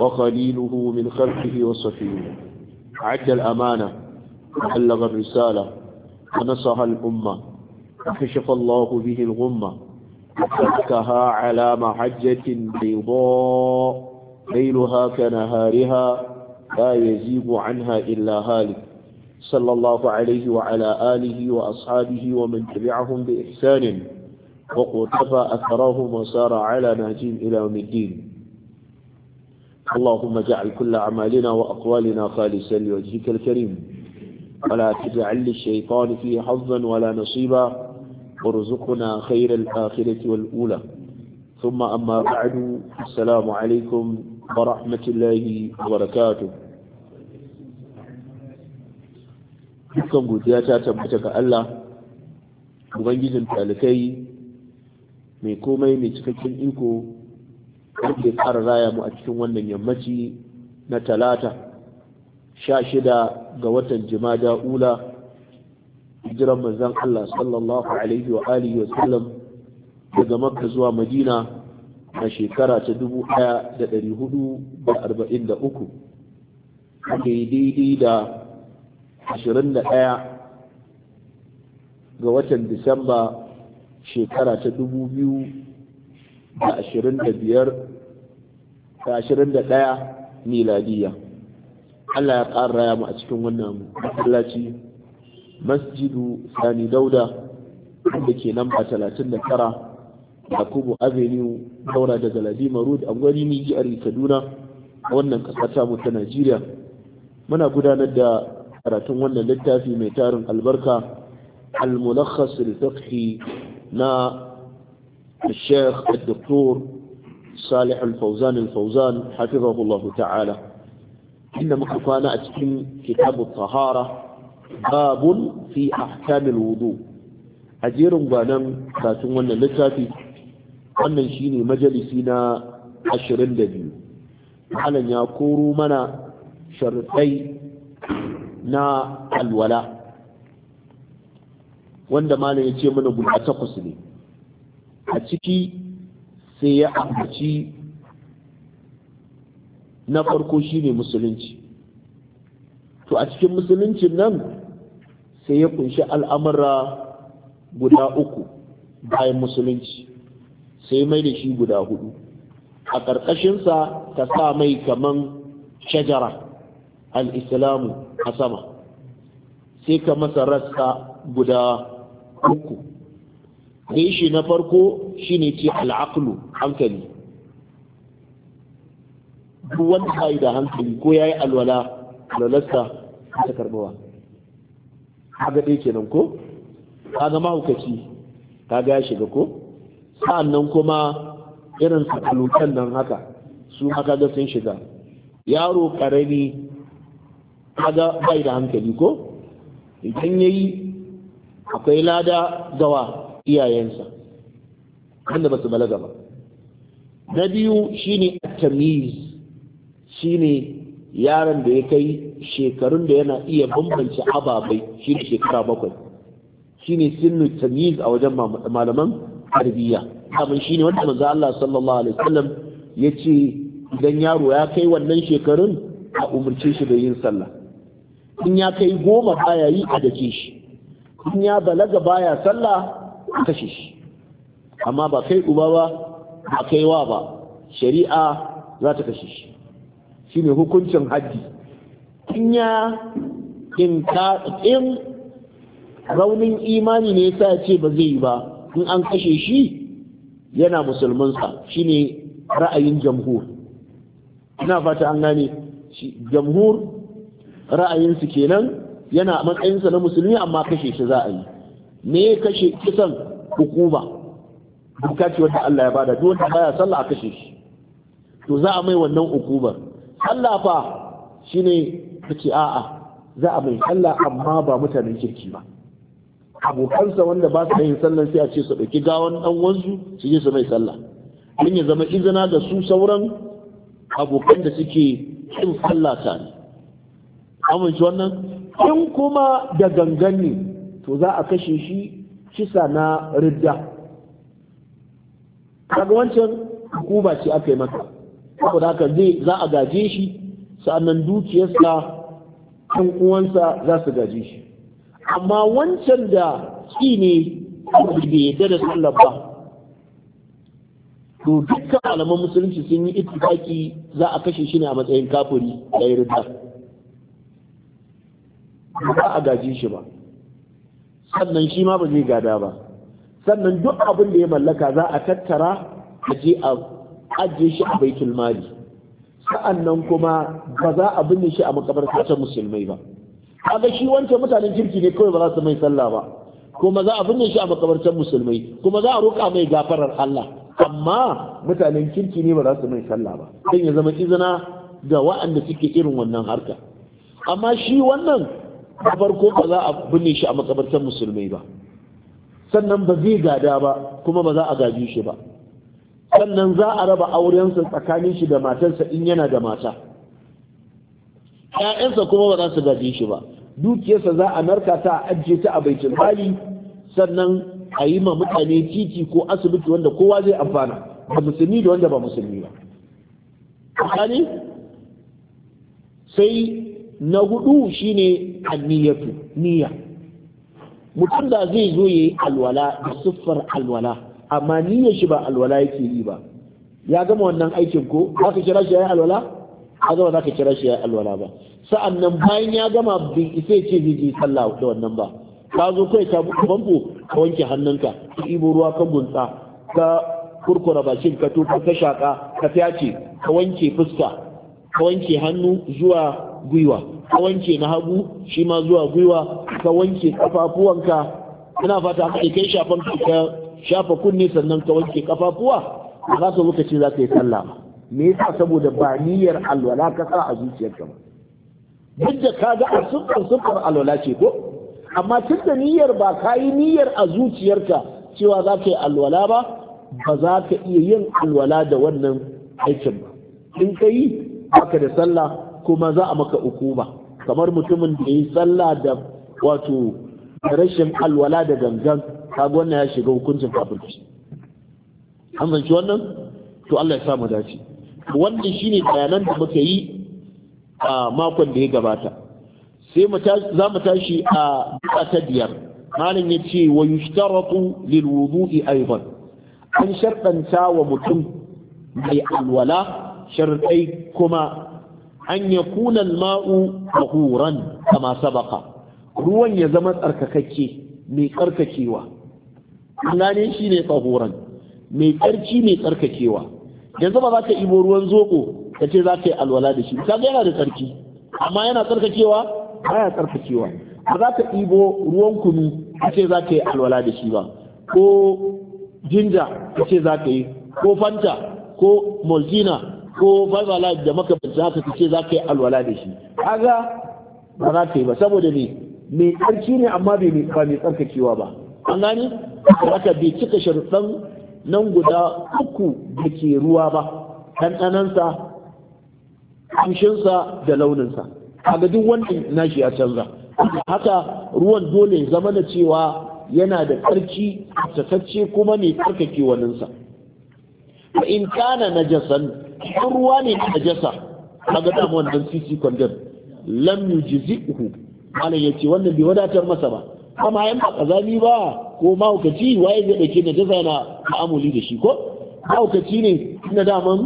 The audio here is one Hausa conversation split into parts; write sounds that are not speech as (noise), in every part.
وخليله من خلقه وصفيه عد الأمانة وبلغ الرسالة ونصها الأمة وكشف الله به الغمة وتركها على محجة بيضاء ليلها كنهارها لا يزيب عنها إلا هالك صلى الله عليه وعلى آله وأصحابه ومن تبعهم بإحسان وقتفى أثرهم وسار على ناجين إلى يوم الدين اللهم اجعل كل أعمالنا وأقوالنا خالصا لوجهك الكريم ولا تجعل للشيطان فيه حظا ولا نصيبا وارزقنا خير الآخرة والأولى ثم أما بعد السلام عليكم ورحمة الله وبركاته dukkan godiya ta tabbata ga Allah ubangijin talikai mai komai mai cikakken iko wanda ya ƙara raya mu a cikin wannan yammaci na talata sha shida ga watan jimada ula hijiran manzon Allah sallallahu alaihi wa alihi wa sallam daga makka zuwa madina a shekara ta dubu ɗaya da ɗari hudu da arba'in da uku daidai da ashirin da ɗaya ga watan disamba shekara ta dubu biyu da ashirin da Allah ya ƙara raya mu a cikin wannan masallaci masjidu sani dauda da ke nan ba talatin da tara yakubu avenue daura daga ladima road a gwani nijiyar kaduna wannan ƙasa tamu ta najeriya muna gudanar da karatun wannan littafi mai tarin albarka al-mulakhas fiqhi na الشيخ الدكتور صالح الفوزان الفوزان حفظه الله تعالى إن مكفانا أتكين كتاب الطهارة باب في أحكام الوضوء أجير غانم كاتون وانا لتافي وانا شيني مجلسنا عشرين لبيو على يقولوا منا شرطي na alwala wanda malam ya ce mana guda takwas ne a ciki sai ya ambaci na farko shi ne musulunci to a cikin musuluncin nan sai ya kunshi al'amura guda uku bayan musulunci sai mai da shi guda hudu a ƙarƙashinsa ta sa mai kaman shajara al'islamu a sama sai ka masa rassa guda uku shi na farko shine ce al'aklu hankali duk wanda yi da hankali ko ya yi alwala a ta karbawa ga dai kenan ko ga mahaukaci ga ya shiga ko sa'annan kuma irin sakalukan nan haka su haka ga sun shiga yaro karami ga bai da hankali ko idan ya yi akwai lada gawa iyayensa wanda ba su balaga ba na biyu shine tamiz shi shine yaron da ya kai shekarun da yana iya bambanci ababai shine shekara bakwai shine sinnu tamiz a wajen malaman tarbiyya shi shine wanda manzo Allah sallallahu alaihi wasallam yace idan yaro ya kai wannan shekarun a umurce shi da yin sallah in ya kai goma baya yi a dace shi in ya balaga baya sallah kashe shi amma ba kai uba ba ba kai wa ba shari'a za ta kashe shi shi ne hukuncin haddi in ya in raunin imani ne ya ce ba zai yi ba in an kashe shi yana musulmansa ne ra'ayin jamhur ina fata an gane jamhur ra'ayinsu kenan yana matsayinsa na musulmi amma kashe shi za a yi me ya kashe kisan hukuma duka ce wanda Allah ya bada duk wanda baya sallah a kashe shi to za a mai wannan hukumar Allah fa shine kace a'a za a mai sallah amma ba mutanen kirki ba abokansa wanda ba su yin sallah sai a ce su ɗauki gawan dan wanzu su je su mai sallah don ya zama izina ga su sauran abokan da suke yin sallah ta ne amince wannan in kuma da gangan ne to za a kashe shi kisa na ridda kaga wancan hukuma ce aka yi maka saboda haka zai za a gaje shi sa'annan dukiyarsa kan uwansa za su gaje shi amma wancan da ki ne da ya da sallar ba to dukkan malaman musulunci sun yi ittifaki za a kashe shi ne a matsayin kafiri da ridda ba a gaje shi ba sannan shi ma ba zai gada ba sannan duk abin da ya mallaka za a tattara a je a ajiye shi a baitul mali sa'annan kuma ba za a binne shi a makabarta ta musulmai ba kaga shi wancan mutanen kirki ne kawai ba za su mai sallah ba kuma za a binne shi a makabartar musulmai kuma za a roƙa mai gafarar Allah amma mutanen kirki ne ba za su mai sallah ba dan ya zama izina ga wa'anda suke irin wannan harka amma shi wannan na farko ba za a binne shi a makabartar musulmai ba sannan ba zai gada ba kuma ba za a gaji shi ba sannan za a raba aurensa tsakanin shi da matarsa in yana da mata ‘ya'yansa kuma ba za su gaji shi ba dukiyarsa za a narka ta a ajiye ta a baitul hali sannan a yi ma mutane titi ko asibiti wanda kowa zai amfana ba musulmi da wanda ba musulmi ba sai na hudu shine anniyatu niyya mutum da zai zo yayi alwala da siffar alwala amma niyyar shi ba alwala yake yi ba ya gama wannan aikin ko aka kira shi yayi alwala a zama za ka kira shi yayi alwala ba sa'annan bayan ya gama bai isa ce zai je sallah da wannan ba ka zo kai ka buɗe famfo ka wanke hannunka ka ibo ruwa ka gunsa ka kurkura bakin ka to ka shaka ka fyace ka wanke fuska ka wanke hannu zuwa gwiwa ka wanke na hagu shi ma zuwa gwiwa ka wanke kafafuwanka ina fata ka kai shafan ka shafa kunne sannan ka wanke kafafuwa za ka zo ka za ka yi sallah me yasa saboda ba niyyar alwala ka sa a zuciyarka ba duk da ka ga a sukar alwala ce ko amma tun da niyyar ba ka yi niyyar a zuciyarka cewa za ka yi alwala ba ba za ka iya yin alwala da wannan aikin ba in ka yi baka da sallah kuma za a maka ukuba kamar mutumin da yi sallah da wato rashin alwala da gangan kaga wannan ya shiga hukuncin kafirci an zanci wannan to Allah ya sa mu dace wannan shine bayanan da muka yi a makon da ya gabata sai mu za mu tashi a duka ta biyar malam ya ce wa yushtaratu lil wudu'i aidan an sharɗanta wa mutum mai alwala sharɗai kuma an ya kunan ma'u mahuran kama sabaka ruwan ya zama tsarkakakke mai tsarkakewa gane shi ne tsahoran mai tsarki mai tsarkakewa yanzu ba za ka ibo ruwan zoko ka ce za ka yi alwala da shi kaga yana da tsarki amma yana tsarkakewa baya tsarkakewa ba za ka ibo ruwan kunu ka ce za ka yi alwala da shi ba ko jinja ka ce za ka yi ko fanta ko molzina ko bazala da maka haka ta ce za ka yi alwala da shi kaga ba za ka yi ba saboda ne mai tsarki ne amma bai ba mai tsarkakewa ba an gani haka bai cika sharuɗan nan guda uku da ke ruwa ba ɗanɗanansa kamshinsa da launinsa kaga duk wannan nashi ya canza haka ruwan dole zama da cewa yana da tsarki tsakacce kuma mai tsarkake waninsa in kana najasan idan ruwa ne na najasa kaga ga mu wannan sisi kwandon lam uku malam ce wannan bai wadatar masa ba amma yan ba kazami ba ko mahaukaci waye zai dauke jasa yana ma'amali da shi ko mahaukaci ne na daman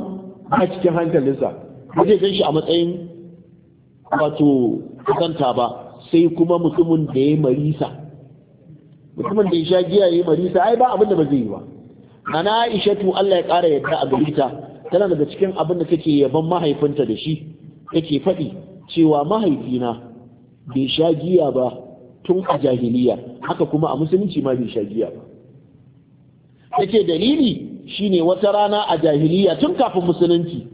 a cikin hankalinsa ba zai gan shi a matsayin wato kanta ba sai kuma mutumin da ya marisa mutumin da ya sha giya ya marisa ai ba abin da ba zai yi ba ana aishatu Allah ya kara yadda a gari ta tana daga cikin abin da take yaban mahaifinta da shi kake faɗi cewa mahaifina bai sha giya ba tun a jahiliya haka kuma a musulunci ma bai sha giya ba take dalili shine wata rana a jahiliya tun kafin musulunci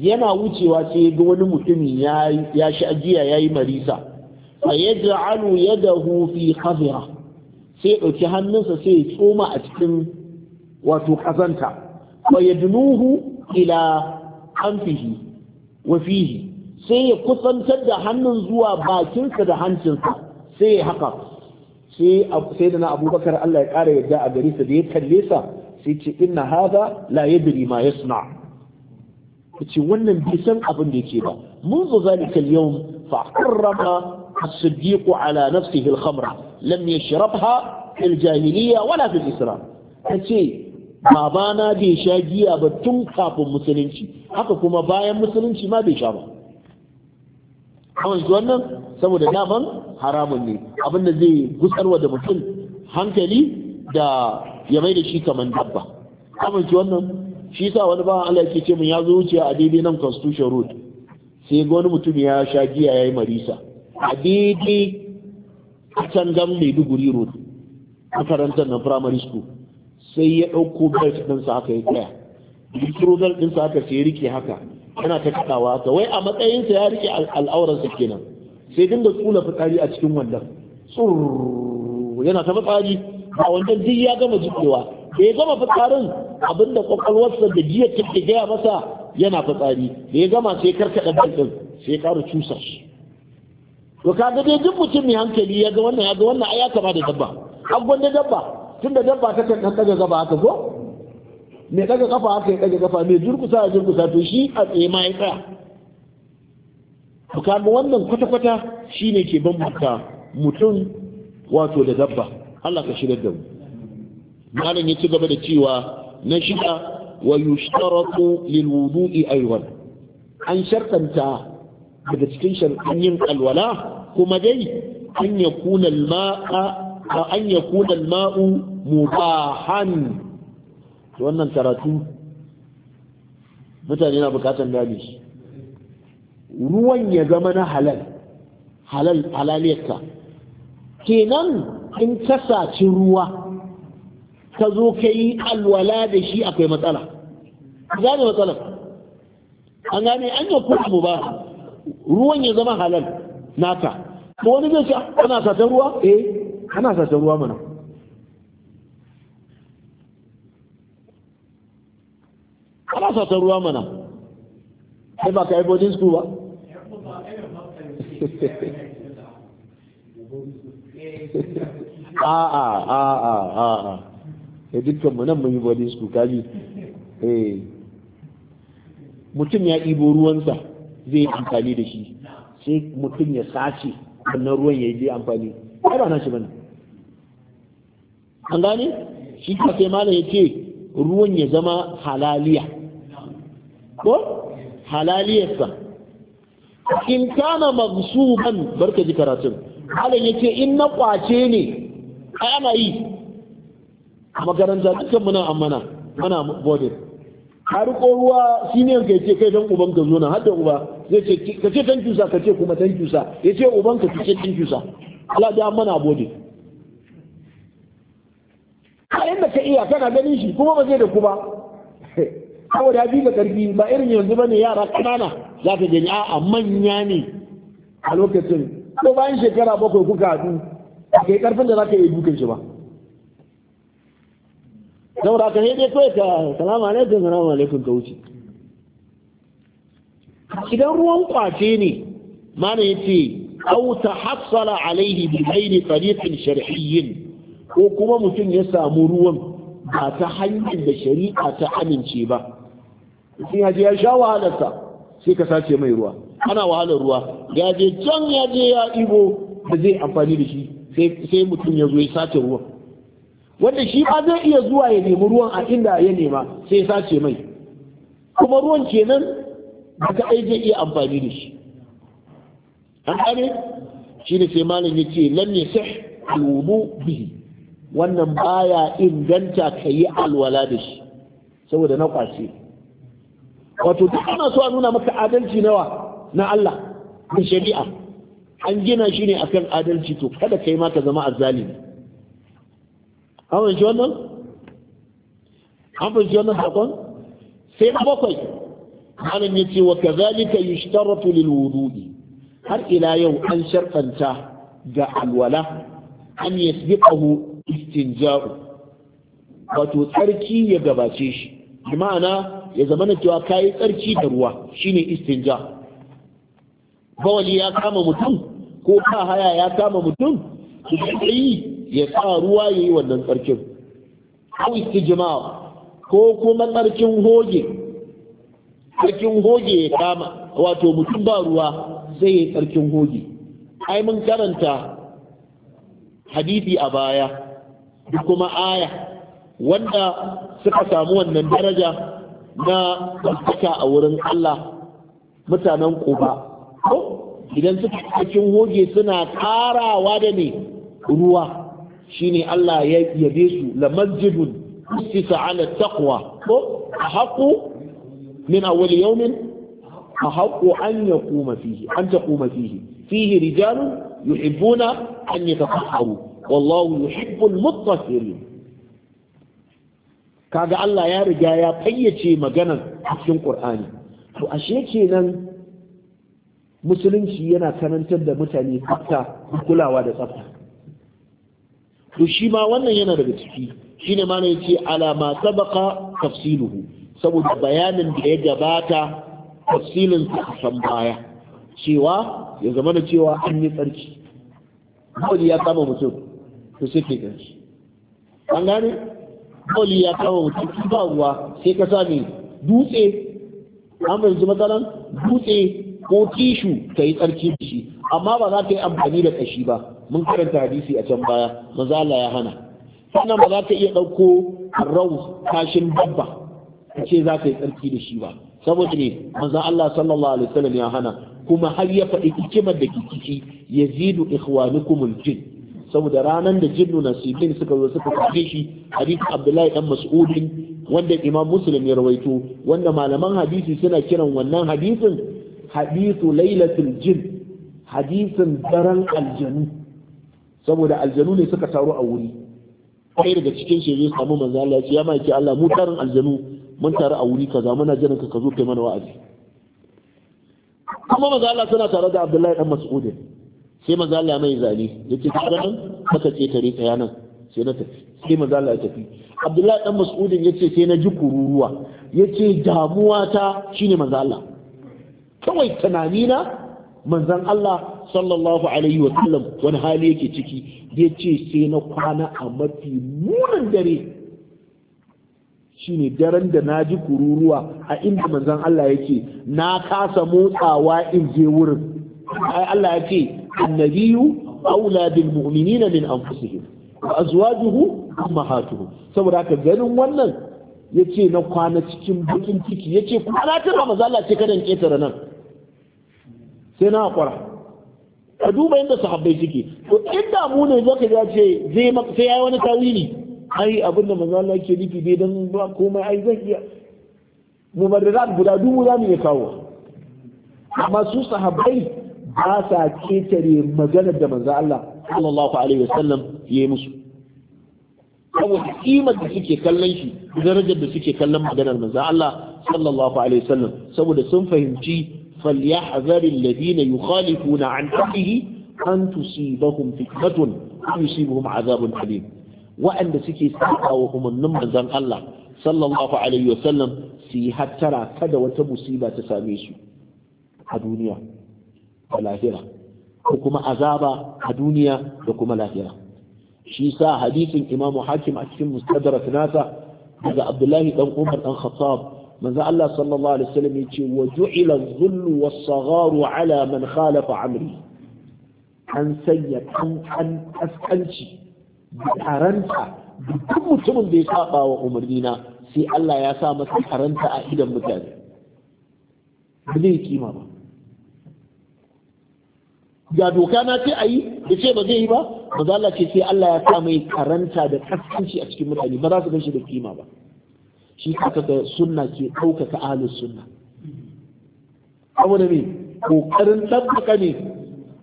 yana wucewa sai ga wani mutumin ya sha giya ya yi marisa fa ya ja'alu yadahu fi khazira sai ya ɗauki hannunsa sai ya tsoma a cikin wato ƙazanta fa yadnuhu ila hanfihi wa fihi sai ya kusantar da hannun zuwa bakinsa da hancinsa sai ya haka sai da na abubakar Allah ya ƙara yadda a gari sa da ya kalle sa sai ce inna hadha la yadri ma yasna ce wannan bai san abin da yake ba منذ ذلك اليوم فحرم ala على نفسه الخمر لم يشربها في الجاهلية ولا في الإسلام ce babana bai sha giya ba tun kafin musulunci haka kuma bayan musulunci ma bai sha ba kawai wannan saboda daman haramun ne abin zai gusarwa da mutum hankali da ya mai da shi kamar dabba kawai wannan shi sa wani ba Allah yake ce mun ya zo wuce a daidai nan constitution road sai ga wani mutum ya sha giya yayi marisa a daidai a can gan Maiduguri road makarantar na primary school sai ya ɗauko belt ɗinsa haka ya tsaya bistro belt ɗinsa haka sai ya rike haka yana ta kaɗawa haka wai a matsayinsa ya rike al'auransa kenan sai dinga tsula fitsari a cikin wannan tsur yana ta fitsari a wannan duk ya gama jikewa da ya gama fitsarin abinda kwakwalwarsa da jiya ke gaya masa yana fitsari da ya gama sai karkaɗa belt ɗin sai ya ƙara cusa shi to kaga dai duk mutum mai hankali ya ga wannan ya ga wannan ai ya kama da dabba an gwanda dabba tun da dabba ta kan ɗaga gaba haka ko mai ɗaga kafa aka ya ɗaga kafa mai jirkusa ya jirkusa to shi a tsaye ma ya tsaya to kaga wannan kwata-kwata shine ke bambanta mutum wato da dabba Allah ka shirar da mu malam ya ci gaba da cewa na shida wa yushtaratu lil wudu'i aywan an shartanta daga cikin sharɗin yin alwala kuma dai an yakuna al-ma'a wa an yakuna al-ma'u mubahan wannan karatu mutane na bukatan gane shi ruwan ya zama na halal halal halaliyarka kenan in ka saci ruwa ka zo ka yi alwala da shi akwai matsala gane matsala. an gane an yi kuma mu ba ruwan ya zama halal naka ko wani zai ce ana satar ruwa eh ana sa ruwa mana ana sa ruwa mana sai ba ka yi boarding school ba a'a a'a a'a da dukkan mu nan mun yi body school kaji eh mutum ya ibo ruwansa zai yi amfani da shi sai mutum ya sace wannan ruwan ya yi amfani ai ba na shi bane an gane shi ka sai malam ya ce ruwan ya zama halaliya ko halaliyarsa in kana magsuban barka ji karatun malam ya ce in na kwace ne ai ana yi a makaranta dukkan muna amana mana bodin har ko ruwa ne ka ce kai dan uban ka zo na hadda uba zai ce ka ce dan jusa ka ce kuma dan jusa ya ce uban ka ce dan jusa Allah da mana bodin inda ka iya kana ganin shi kuma ba zai da kuma saboda (laughs) bi da karfi ba irin yanzu bane yara kanana za ka gani a'a manya ne a lokacin ko bayan shekara bakwai kuka haɗu ka yi karfin da za ka yi dukan shi ba saboda ka ne dai kawai ka salamu alaikum salamu alaikum ka wuce idan ruwan kwace ne mana yace au tahassala alaihi bi ghairi tariqin shar'iyyin ko kuma mutum ya samu ruwan ba ta hanyar da shari'a ta amince ba sun yaje ya sha wahalarsa sai ka sace mai ruwa ana wahalar ruwa ya je can ya je ya ibo da zai amfani da shi sai mutum ya zo ya sace ruwan wanda shi ba zai iya zuwa ya nemi ruwan a inda ya nema sai ya sace mai kuma ruwan kenan ba ta zai iya amfani da shi an gane shi ne sai malam ya ce lam yasih alwudu bihi wannan baya inganta ka yi alwala da shi saboda na kwace wato duk ana so a nuna maka adalci nawa na Allah da shari'a an gina shi ne akan adalci to kada kai ma ka zama azzalimi an shi wannan an wannan sakon sai na bakwai malam ya ce wa kazalika yushtaratu lil wudu'i har ila yau an sharfanta ga alwala an yasbiqahu istinja'u wato tsarki ya gabace shi bi ma'ana ya zama na cewa kayi tsarki da ruwa shine istinja bawali ya kama mutum ko ka haya ya kama mutum Su yi ya sa ruwa ya yi wannan tsarkin ko istijma'u ko kuma tsarkin hoge tsarkin hoge ya kama wato mutum ba ruwa zai yi tsarkin hoge ai mun karanta hadisi a baya da kuma aya wanda suka samu wannan daraja na ɗaukaka a wurin Allah mutanen ƙuba idan suka cikin hoge suna ƙarawa da ne ruwa shine Allah ya yabe su la masjidun usisa ala taqwa ko haqu min awwal yawmin haqu an yaquma fihi an taquma fihi fihi rijalun yuhibbuna an yatahharu wallahu yuhibbul muttasirin kaga Allah ya riga ya fayyace magana cikin Qur'ani to ashe kenan musulunci yana karantar da mutane tsafta kulawa da tsafta to shi ma wannan yana daga ciki shine ma ne yace ala ma sabaqa tafsiluhu saboda bayanin da ya gabata tafsilin san baya cewa ya zama da cewa an yi tsarki kawai ya kama mutum to sai ke gani kawali ya kawo mutum ba ruwa sai ka sa ne dutse an fahimci matsalan dutse ko tishu ta yi tsarki da shi amma ba za ta yi amfani da kashi ba mun karanta hadisi a can baya maza Allah ya hana sannan ba za ta iya ɗauko raus kashin babba ta ce za ta yi tsarki da shi ba saboda ne maza Allah sallallahu alaihi wasallam ya hana kuma har ya faɗi hikimar da ke ciki yazidu ikhwanukumul jin saboda ranar da jinnu nasibin suka zo suka kafe shi hadisi abdullahi dan mas'udin wanda imam muslim ya rawaito wanda malaman hadisi suna kiran wannan hadisin hadisu lailatul jin hadisin daren aljanu saboda aljanu ne suka taru a wuri kai daga cikin shi zai samu manzo Allah ya ma yake Allah mu daren aljanu mun taru a wuri kaza muna jiran ka ka zo kai mana wa'azi kuma manzo Allah suna tare da Abdullahi dan Mas'udin sai mazala mai zane ke ta ganin maka tare tsaya nan sai na tafi sai mazala ya tafi Abdullahi dan Mas'udin ce sai na ji kururuwa ce damuwa ta shine manzo Allah kawai tunani na manzon Allah sallallahu alaihi wa sallam wani hali yake ciki Ya ce sai na kwana a mafi munin dare shine daren da na ji kururuwa a inda manzon Allah yake na kasa motsawa in je wurin ai Allah ya ce annabiyu aula bil a zuwa juhu wa azwajuhu ummahatuhum saboda haka ganin wannan yace na kwana cikin bukin ciki yace kwana ta maza Allah ce kadan ketare nan sai na hakura ka duba inda sahabbai suke to inda mu ne zaka ga ce zai maka sai yayi wani tawili ai abinda manzo Allah yake nufi dai dan ba komai ai zan iya mubarrirat guda dubu zamu iya kawo amma su sahabbai ba sa ketare maganar da manzo Allah sallallahu alaihi wasallam ya yi musu saboda kimar da suke kallon shi darajar da suke kallon maganar manzo Allah sallallahu alaihi wasallam saboda sun fahimci فليحذر الذين يخالفون عن أمره أن تصيبهم فتنة أو يصيبهم عذاب أليم وأن سكي ساقا وهم النمر زن الله صلى الله عليه وسلم سي كذا وتمصيبة تساميسو a duniya da lahira ko kuma azaba a duniya da kuma lahira shi sa hadisin Imam Hakim a cikin Mustadrak nasa daga Abdullahi dan Umar dan Khattab manzo Allah sallallahu alaihi wasallam yace wa ju'ila dhullu was-sagharu ala man khalafa amri an sanya kankan kaskanci haranta duk mutumin da ya saba wa umarnina sai Allah ya sa masa haranta a idan mutane ba zai kima ba ga doka na ce a yi da ce ba zai yi ba ba za Allah ce sai Allah ya sa mai karanta da kaskanci a cikin mutane ba za su gan shi da kima ba shi kaka da sunna ke ɗaukaka ahlus sunna saboda ne kokarin tabbaka ne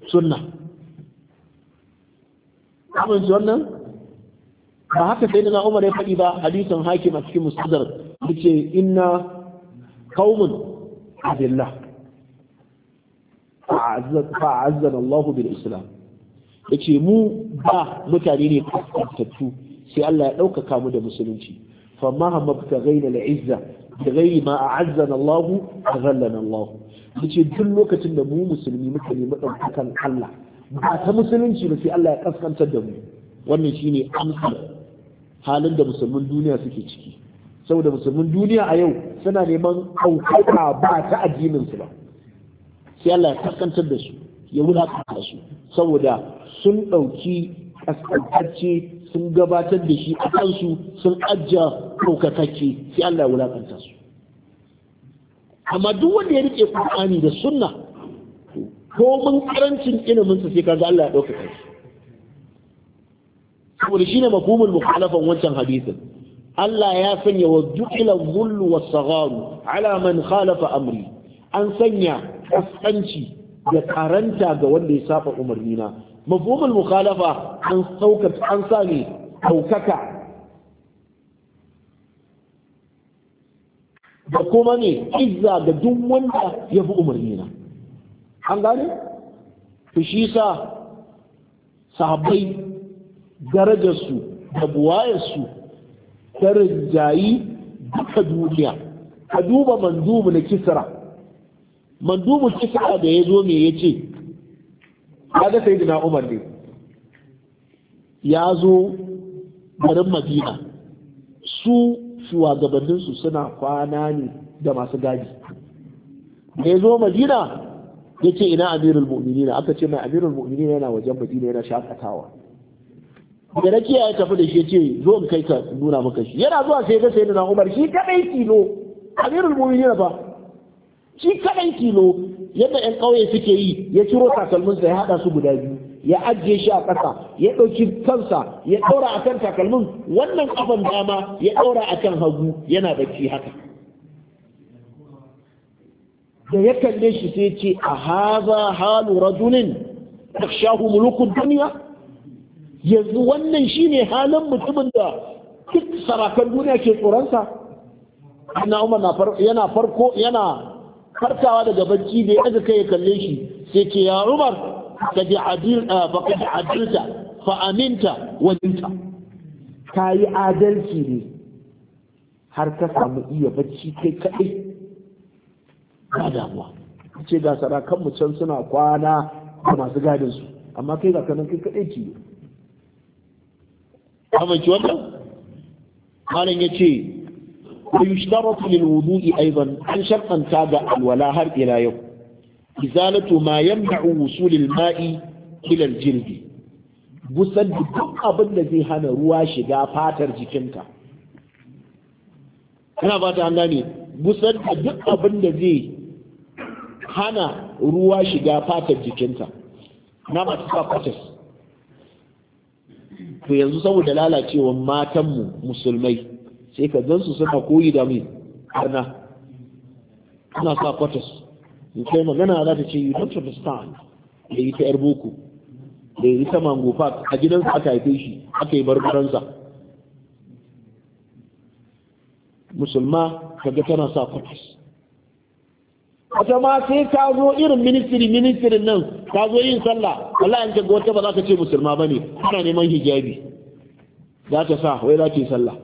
sunna amince wannan ba haka sai na Umar ya faɗi ba hadisin hakim a cikin musadar yace inna Abin abillah fa'azzana Allahu bil Islam yace mu ba mutane ne kaskantattu sai Allah ya ɗaukaka mu da musulunci fa ma hamabta ghayna al izza da ghayri ma a'azzana Allahu aghallana Allah yace duk lokacin da mu musulmi muka nemi ɗaukakan Allah ba ta musulunci ba sai Allah ya kaskantar da mu wannan shine amsar halin da musulmin duniya suke ciki saboda musulmin duniya a yau suna neman ɗaukaka ba ta addinin su ba sai Allah ya kaskantar da su ya wulaƙanta su saboda sun ɗauki kaskantacce sun gabatar da shi a kansu sun ajja ɗaukakacce sai Allah ya wulaƙanta su amma duk wanda ya riƙe Qur'ani da sunna ko mun karancin ilimin sa sai kaga Allah ya ɗaukaka shi saboda shine mafhumul mukhalafan wancan hadisin Allah ya sanya wa ju'ila dhullu was sagharu ala man khalafa amri an sanya kaskanci da karanta ga wanda ya saba umarni na mafhumul mukhalafa an sauka an sa ne daukaka da kuma ne izza ga duk wanda ya fi umarni na an gane to shi sa sahabbai darajarsu da buwayarsu ta rinjayi duka duniya ka duba manzumu na kisra mandubu kisa da ya zo me ya ce ya ga sai na umar ne ya zo garin madina su shugabanninsu suna kwana ne da masu gadi da ya zo madina ya ce ina amirul mu'minina aka ce mai amirul mu'minina yana wajen madina yana shakatawa da na kiyaye tafi da shi ce zo in kai ka nuna maka shi yana zuwa sai ga sai na umar shi kadai kilo amirul mu'minina fa shi kaɗan kilo yadda 'yan ƙauye suke yi ya ciro takalminsa ya haɗa su guda biyu ya ajiye shi a ƙasa ya ɗauki kansa ya ɗaura a kan takalmin wannan ƙafan dama ya ɗaura a kan hagu yana bacci haka da ya kalle shi sai ce a haza halu rajulin shahu mulukun duniya yanzu wannan shine halin mutumin da duk sarakan duniya ke tsoronsa yana farko yana farkawa daga bacci da ya kai ya kalle shi sai ce ya Umar ka ji ah, adilta fa aminta wajinta ka yi adalci ne har ka samu iya bacci kai kaɗai ba damuwa ce ga sarakan mu can suna kwana da masu gadin su amma kai ga kanan kai kaɗai ci amince wannan malam ya ce ويشترط للوضوء أيضا أن شرطا تابع الولاء إلى يوم إزالة ما يمنع وصول الماء إلى الجلد busar da duk abin zai hana ruwa shiga fatar jikinka kana ba ta gane busar da duk abin zai hana ruwa shiga fatar jikinta na masu sa to yanzu saboda lalacewar matanmu musulmai sai ka gansu suna koyi da mai arna ana sa kwatas in kai magana za ta ce you don't understand da yi ta yar boko da yi ta mango park a gidansa aka haife shi aka yi barbaransa musulma kaga tana sa kwatas wata ma sai ka zo irin ministiri ministirin nan ka zo yin sallah Allah an kaga wata ba za ka ce musulma bane kana neman hijabi za ta sa wai za ta yi sallah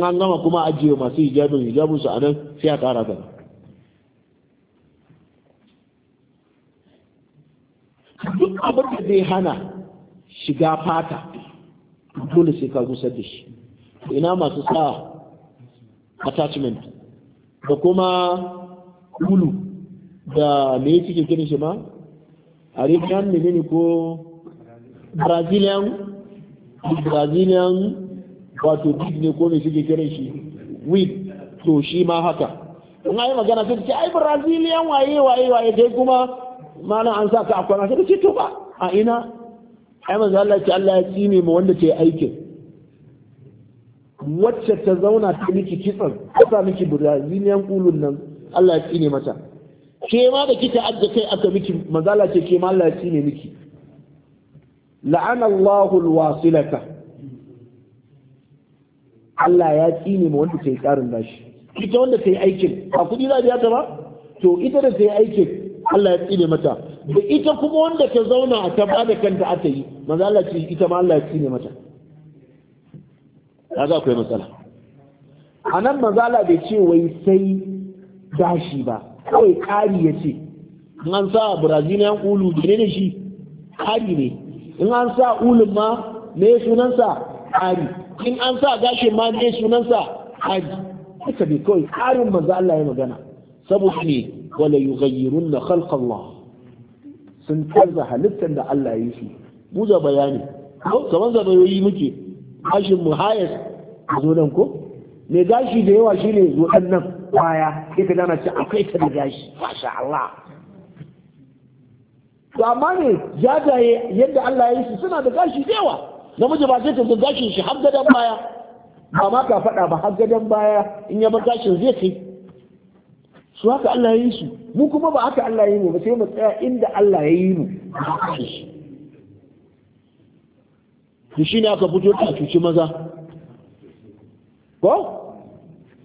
an gama kuma ajiye masu hijabin hijabin su a nan sai a kara ta. duk abin da zai hana shiga fata dole sai ka gusar da shi ina masu sa attachment da kuma hulu da me cikin kiran shi ma arabian ne ko brazilian wato bid ne ko me suke kiran shi wit to shi ma haka in ai magana sai ce ai brazilian waye waye waye dai kuma mana an sa ka a kwana sai ce to ba a ina ai manzo Allah ce Allah ya tsine mu wanda ke aikin wacce ta zauna ta miki kitsan ta sa miki brazilian kulun nan Allah ya tsine mata ke ma da kika adda kai aka miki manzo Allah ce ke ma Allah ya tsine miki la'ana Allahul alwasilata Allah ya tsine ma wanda ta yi tsarin bashi ita wanda ta yi aikin a kuɗi za a biya ta ba to ita da ta yi aikin Allah ya tsine mata da ita kuma wanda ta zauna a ta bada kanta aka yi maza Allah ce ita ma Allah ya tsine mata kaga akwai matsala a nan maza Allah bai ce wai sai bashi ba kawai ƙari ya ce in an sa brazilian ulu ne ne shi ƙari ne in an sa ulun ma me sunansa ƙari in an sa gashin ma ne sunansa haji haka bi kawai tsarin manzo Allah ya magana saboda ne wala yughayyirunna khalqa Allah sun canza halittar da Allah ya yi mu za bayani ko kaman yi muke gashin mu hayas zo nan ko me gashi da yawa shine zo dan nan kwaya sai ka dana ce akwai ka da gashi masha Allah to amma ne jajaye yadda Allah ya yi su suna da gashi da yawa namiji ba zai tafi ga gashin shi har gadon baya ba ma ka faɗa ba har gadon baya in ya bar gashin zai kai su haka Allah ya yi su mu kuma ba haka Allah ya yi mu ba sai mu tsaya inda Allah ya yi mu shi ne aka fito ta cuci maza ko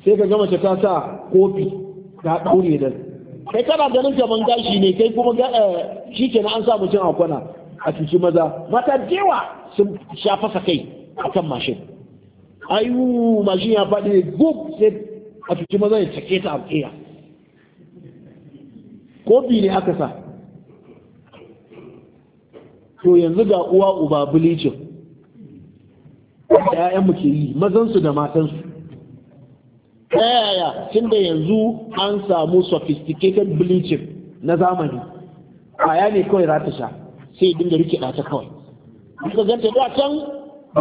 sai ka gama ta sa kofi ta daure da kai kana ganin gaban gashi ne kai kuma eh, shi na an sa mutum a kwana a cuci maza mata jewa sun sha fasa kai a kan mashin ayu mashin ya faɗi ne gub sai a cuci maza ya sake ta a ko kofi ne aka sa to yanzu ga uwa uba bilicin da 'ya'yan muke yi mazansu da matansu ta yaya tun da yanzu an samu sophisticated bleaching na zamani ƙwaya ne kawai za ta sha sai dinga rike ta kawai ka zanta da can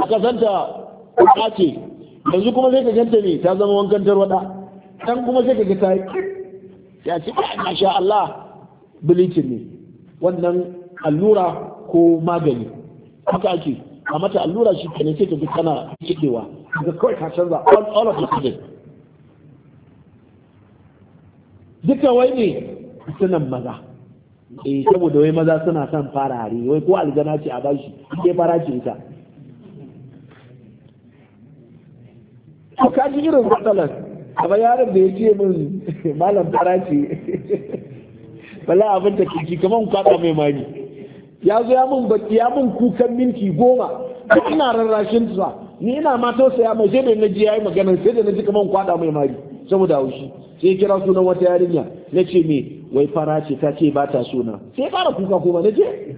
ka zanta ta ce yanzu kuma sai ka zanta ne ta zama wankan tarwada can kuma sai ka ga ta ya ce sha Allah bilicin ne wannan allura ko magani haka ake a mata allura shi ne sai ka bi kana cikewa ga kawai ka canza all of the sudden duka wai ne sunan maza eh saboda wai maza suna son fara hari wai ko aljana ce a bashi ke fara ce ita ka ji irin matsalar a bayanin da ya ce min (laughs) malam fara ce bala (laughs) abin da kiki kamar kwaɗa mai mani ya zo ya min baki ya min kukan minti goma ina rarrashin sa ni ina mato saya mai sai da na ji yayi magana sai da na ji kaman kwaɗa mai mari saboda haushi sai kira sunan wata yarinya na ce me wai fara ce ta ce ba ta suna sai fara kuka kuma na ce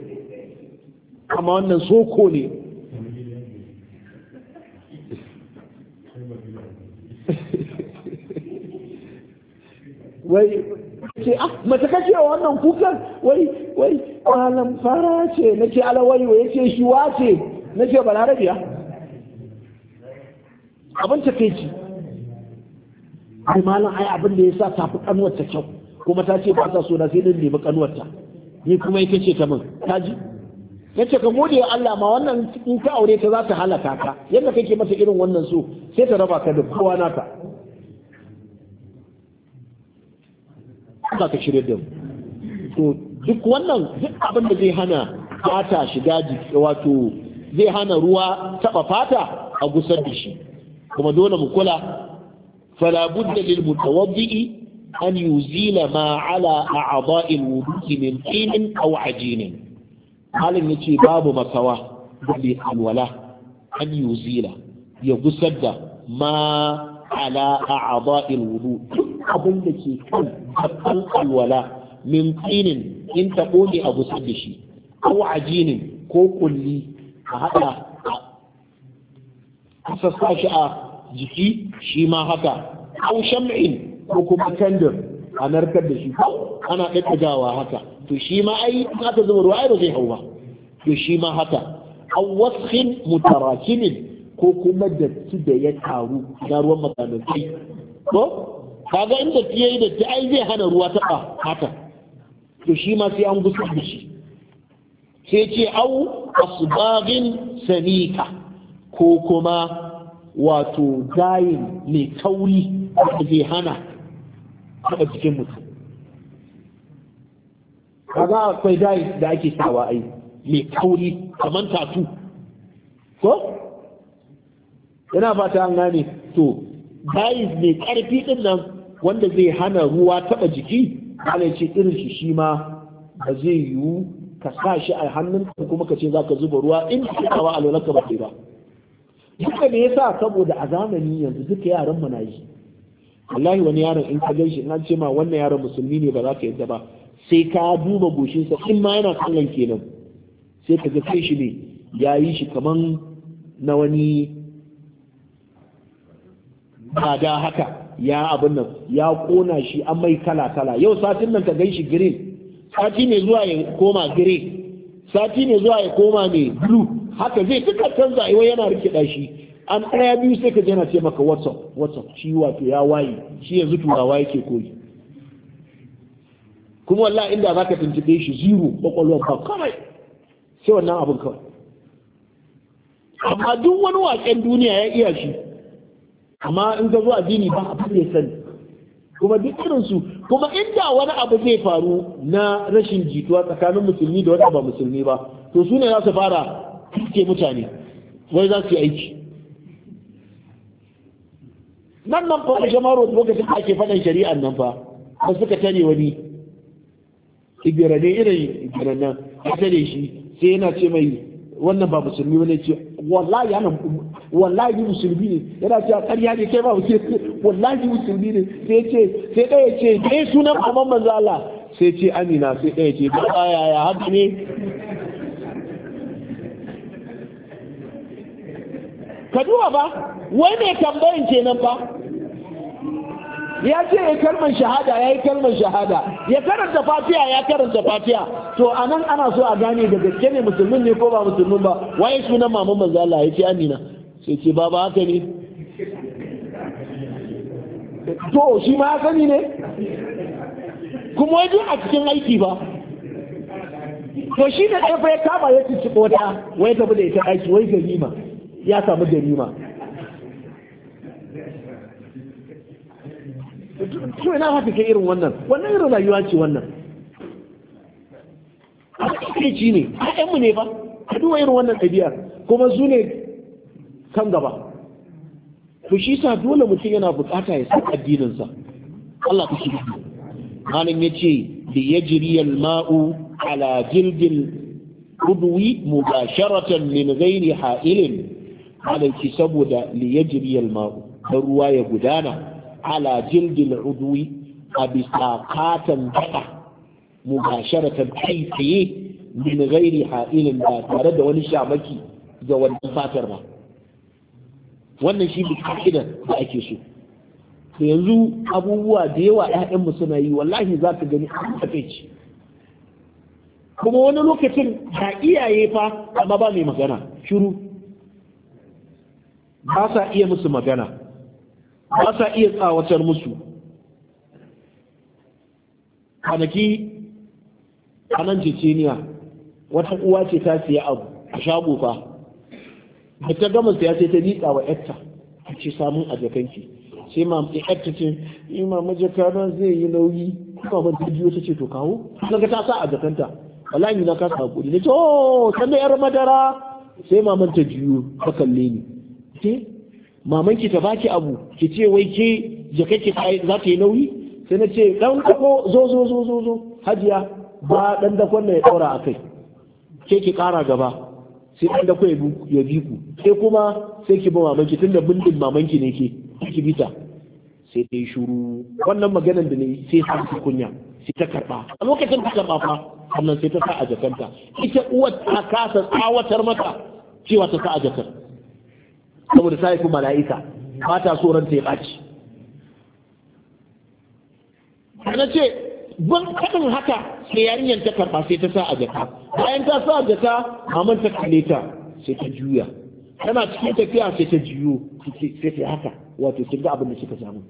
amma wannan soko ne (laughs) wai ce ah mace kace wannan kukan wai wai malam fara ce ce alawai wai ce shi wace nace balarabiya abin ta kai ci ai malam ai abin da yasa tafi kanwar ta kyau kuma ta ce ba ta so na sai nan nemi kanuwarta ni kuma yake ce ta min ta ji Ya ce ka gode Allah ma wannan in ka aure ta za ta halaka ka yadda kake mata irin wannan so sai ta raba ka da kowa naka ba ka shirya da to duk wannan duk abin da zai hana fata shiga jiki wato zai hana ruwa taba fata a gusar da shi kuma dole mu kula fala budda lil mutawaddi an yuzila ma ala a'dha'il wudu'i min tinin aw ajinin halin yace babu makawa bi alwala an yuzila ya gusar da ma ala a'dha'il wudu abin da ke kan gaban alwala min tinin in ta ne a gusa da shi aw ajinin ko kulli a hada a sassa jiki shi ma haka aw sham'in ko kuma kandir a narkar da shi ana ɗaɗɗagawa haka to shi ma ai in aka zuba ruwa ai ba zai hau ba to shi ma haka an mutarakinin ko kuma su da ya taru na ruwan makamantai ko kaga inda datti yayi datti ai zai hana ruwa taɓa haka to shi ma sai an gusa da shi sai ce au asbagin sanika ko kuma wato dayin mai kauri da zai hana taɓa cikin mutum kaga akwai dai da ake sawa ai mai kauri kamar tatu ko yana fata an gane to dai mai ƙarfi ɗin nan wanda zai hana ruwa taɓa jiki ana ce irin shi shi ma ba zai yiwu ka sa shi a hannun kuma ka ce za ka zuba ruwa in ka kawa a lulaka ba ba duka ne yasa saboda a zamani yanzu duka yaran mu na yi wallahi wani yaron in ka gan shi in ce ma wannan yaron musulmi ne ba za ka yadda ba sai ka duba goshinsa in ma yana kallon kenan sai ka ga kai shi ne ya yi shi kaman na wani bada haka ya abin nan ya kona shi an mai kala kala yau satin nan ka gan shi green sati ne zuwa ya koma green sati ne zuwa ya koma mai blue haka zai duka canza iwa yana rikida shi an ɗaya biyu sai ka jana ce maka whatsapp whatsapp shi wato ya waye shi yanzu turawa yake koyi kuma wallah inda za ka tuntube shi zero kwakwalwar ba kawai sai wannan abin kawai amma duk wani waken duniya ya iya shi amma in ga zuwa addini ba a ya sani kuma duk irinsu kuma inda wani abu zai faru na rashin jituwa tsakanin musulmi da wani ba musulmi ba to su ne za su fara ke mutane wai za su yi aiki nan nan fa ga maro lokacin da ake faɗin shari'an nan fa ba suka tare wani igira ne irin igira nan ya tare shi sai yana ce mai wannan ba musulmi wani ce wallahi yana wallahi musulmi ne yana ce ƙarya ne kai ba musulmi wallahi musulmi ne sai ce sai ɗaya ce dai sunan amman manzo Allah sai ce amina sai ɗaya ce ba ya ya haka ne ka duba ba wai mai tambayin kenan ba ya ce ya kalmar shahada ya yi kalmar shahada ya karanta fatiha ya karanta fatiha to a nan ana so a gane da gaske ne musulmin ne ko ba musulmin ba waye sunan maman manzo Allah ya ce amina sai ce baba haka ne to shi ma haka ne kuma wajen a cikin aiki ba to shi ne ɗaya ya kama ya ci wata wai tafi da ita aiki wai ganima ya samu ganima to ina haka kai irin wannan wannan irin rayuwa ce wannan a kai ci ne mu ne ba a duba irin wannan ɗabi'ar kuma su ne kan gaba to shi sa dole mutum yana bukata ya san addininsa Allah ta shi malam ce bi yajri al-ma'u ala jildil udwi mubasharatan min ghairi ha'ilin malaki saboda li yajri al-ma'u ruwa ya gudana ala jildil udwi a bisa katon baka mubasharatan kai tsaye min gairi ha'ilin ba tare da wani shamaki ga wani fatar ba wannan shi bikin da ake so yanzu abubuwa da yawa ‘ya'yanmu suna yi wallahi za ka gani an takaici kuma wani lokacin ga iyaye fa amma ba mai magana shiru ba sa iya musu magana ba sa iya tsawatar musu kwanaki a nan ceceniya wata uwa ce ta siya abu a shago fa da ta gama siya sai ta liƙa wa yatta a ce samun ajakanki sai ma mai yatta ce yi eh, ma majaka na zai yi nauyi kuma ban ta biyo ta ce to kawo daga ta sa a jakanta wallahi na kasa hakuri ne oh, to sanda yar madara sai ma ta jiyo ta kalle ni mamanki ta baki abu ki ce wai ke jakake za ta yi nauyi sai na ce dan ko zo zo zo zo zo hajiya ba dan dakon kwanne ya daura akai ke ki kara gaba sai dan dako ya bi ku sai kuma sai ki ba mamanki tunda bindin mamanki ne ke ki bita sai ta yi shuru wannan maganar da ne sai ki kunya sai ta karba a lokacin ta karba fa sannan sai ta sa a jakanta ita uwar ta kasa tsawatar mata cewa ta sa a jakar saboda ta haifi mala'ika ba ta so ranta ya ɓaci na ce ban kaɗin haka sai yarinyar ta karɓa sai ta sa a jaka bayan ta sa a jaka maman ta kalle ta sai ta juya tana cikin tafiya sai ta juyo sai ta haka wato kin ga abin da kika samu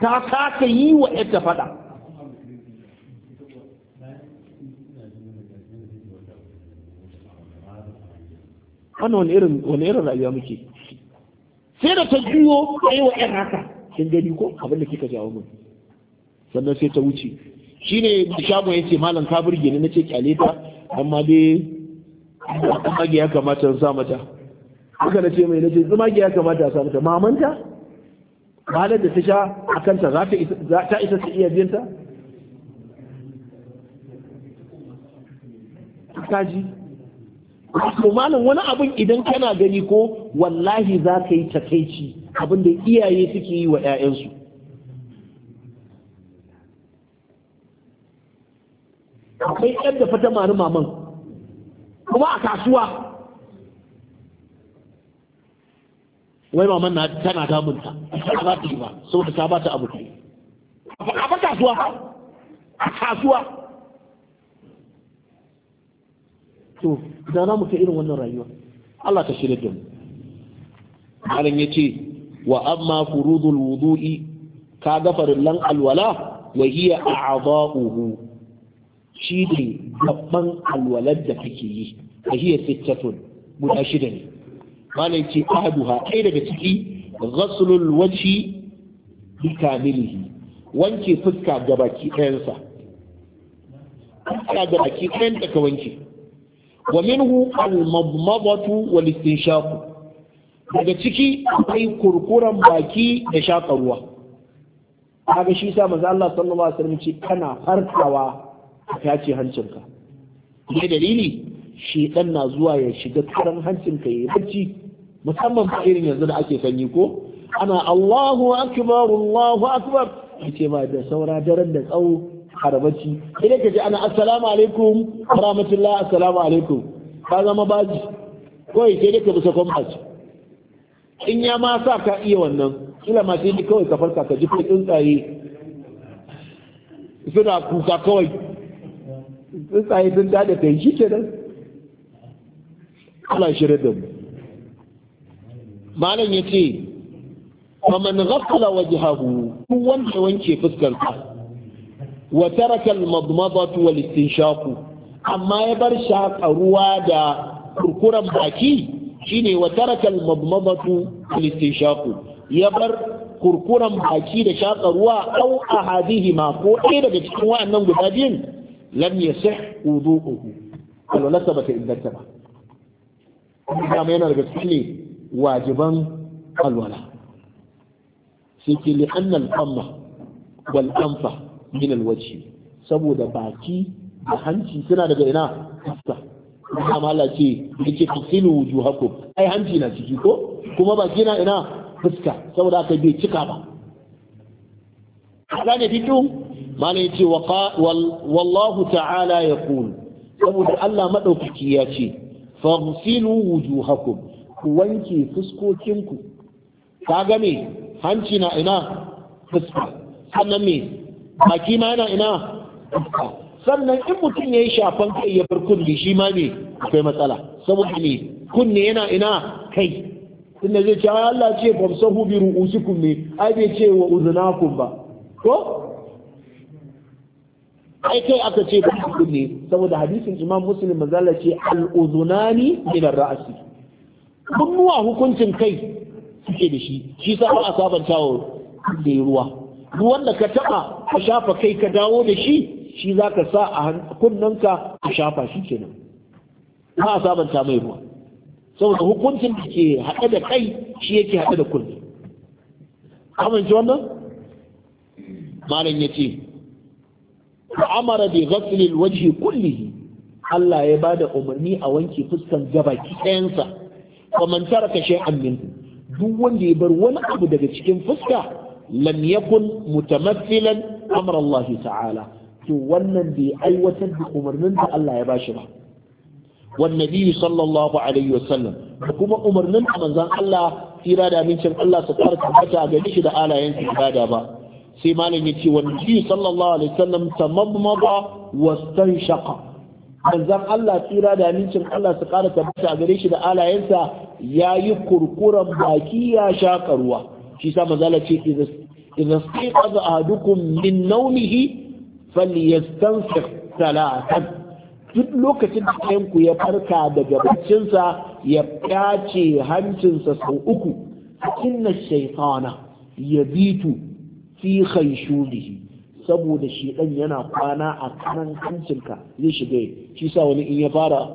ta kaka yi wa ta faɗa wannan wani irin wani irin rayuwa muke sai da ta juyo ta yi wa 'yan haka kin gani ko abin da kika jawo mun sannan sai ta wuce shine shago ya ce malam ka burge ni nace kyale ta amma dai tsumage ya kamata in sa mata haka na ce mai nace tsumage ya kamata a sa mata mamanta halar da ta sha a kanta za ta isa ta iya biyanta kaji to malam wani abin idan kana gani ko wallahi za ka yi takaici abin da iyaye suke yi wa 'ya'yansu akwai yan da fata mari maman kuma a kasuwa wai maman na tana damunta tana za ta yi ba saboda ta ba ta abu a kasuwa a kasuwa to da na irin wannan rayuwa Allah ka shirya da mu malam yace wa amma furudul wudu'i ka ga farillan alwala wa hiya a'dha'uhu shi ne gaban alwalar da kake yi wa hiya sittatun guda shida ne malam yace ahaduha ai daga ciki ghaslul wajhi bi kamilihi wanke fuska gabaki ɗayansa fuska gabaki ɗayan ka wanke ومنه minhu والاستنشاق daga ciki akwai kurkuran baki da shaka ruwa kaga shi sa manzo Allah sallallahu alaihi wasallam ce kana farkawa ka tace hancinka ne dalili shi dan na zuwa ya shiga karan hancinka yayi bacci musamman ba irin yanzu da ake sanyi ko ana Allahu akbar Allahu akbar yace ba da saura daren da tsawo da sai idan ka ji ana assalamu alaikum rahmatullah assalamu alaikum ka zama baji kawai sai dai ka bisa baji in ya ma sa ka iya wannan kila ma sai kawai ka farka ka ji kai tsuntsaye suna kuka kawai tsuntsaye sun dada kai shi ke nan Allah shirin da mu malam ya ce faman ghafala wajhahu duk wanda wanke fuskarsa wa taraka al-madmadatu wal istinshaq amma ya bar shaƙa ruwa da kurkuran baki shine wa taraka al-madmadatu wal istinshaq ya bar kurkuran baki da shaƙa ruwa au ma ko ɗaya daga cikin wa'annan guda biyun lam yasih wudu'uhu alwalarsa ba ta inganta ba dama yana daga cikin wajiban alwala sai ke al amma wal anfa min alwaji saboda baki da hanci suna daga ina fuska kuma Allah ce yake tafsilu wujuhakum ai hanci na ciki ko kuma baki na ina fuska saboda aka bai cika ba ne fitu malai ce wallahu ta'ala ya kulu saboda Allah maɗaukaki ya ce fagsilu wujuhakum ku wanke fuskokinku ka ga me hanci na ina fuska sannan me baki ma yana ina sannan in mutum ya yi shafan kai ya bar kunne shi ma ne akwai matsala saboda ne kunne yana ina kai inda zai ce ai Allah ce famsahu bi ru'usikum ne ai bai ce wa uzunakum ba ko ai kai aka ce ba kunne saboda hadisin Imam Muslim mazalla ce al uzunani min ar ra'si kunnuwa hukuncin kai suke da shi shi sa ba a sabantawa da ruwa ruwan da ka taɓa ka shafa kai ka dawo da shi shi za ka sa a kunnanka ka shafa shi kenan ba a sabanta mai ruwa saboda hukuncin da ke haɗe da kai shi yake haɗe da kunne amince wannan malam ya ce amara bi ghasli alwajhi kullihi Allah ya bada umarni a wanke fuskan gabaki ɗayansa wa man taraka shay'an min duk wanda ya bar wani abu daga cikin fuska lam yakun mutamaththilan amr Allah ta'ala to wannan bai aiwatar da umarnin da Allah ya bashi ba wan nabi sallallahu alaihi wasallam kuma umarnin da manzon Allah tsira da amincin Allah su fara tabbata ga shi da alayen ibada ba sai malam yace wa nabi sallallahu alaihi wasallam tamadmada wastanshaqa manzon Allah tsira da amincin Allah su fara tabbata ga shi da alayensa yayi kurkuran baki ya shaka ruwa shi sa manzala ce idza idza istiqaza ahadukum min nawmihi falyastansir salatan duk lokacin da ɗayan ya farka daga baccinsa ya ɓace hancinsa sau uku inna shaytana yabitu fi khayshunihi saboda shi ɗan yana kwana a kanan hancinka zai shiga shi sa wani in ya fara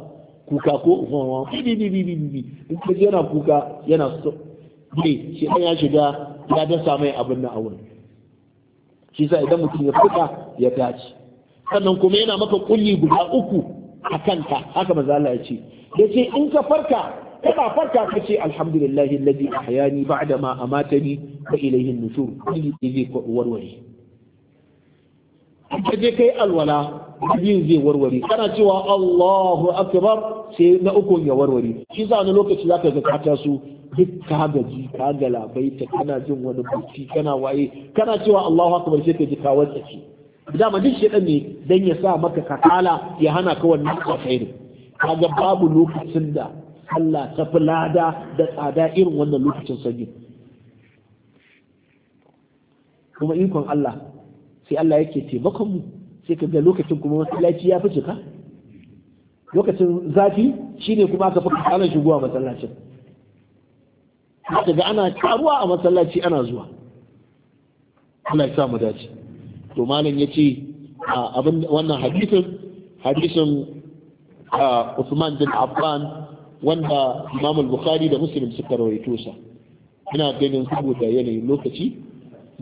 kuka ko bi bi bi bi bi in kaji yana kuka yana bai shi an ya shiga ya dasa mai abin na awon shi sa idan mutum ya fita ya tashi sannan kuma yana maka kulli guda uku a kanka haka maza Allah ya ce ya ce in ka farka kana farka ka ce alhamdulillahi ladi ahyani ba'da ma amatani wa ilayhi an-nusur kulli zai warware ka je kai alwala biyun zai warware kana cewa Allahu akbar sai na uku ya warware shi a wani lokaci zaka ga kata su duk ka gaji ka galabaita kana jin wani bacci kana waye kana cewa Allahu akbar sai ka ji ka watsaki dama duk shedan ne dan ya sa maka kakala ya hana ka wannan alkhairi kaga babu lokacin da Allah ta fulada da tsada irin wannan lokacin sanyi kuma ikon Allah sai Allah yake taimakon mu sai ka ga lokacin kuma masallaci ya fi cika lokacin zafi shine kuma aka fi shigo shigowa masallacin daga ana karuwa a masallaci ana zuwa Allah ya sa mu dace to malam yace abin wannan hadisin hadisin Usman bin Affan wanda Imam al-Bukhari da Muslim suka rawaito sa ina ganin saboda yanayin lokaci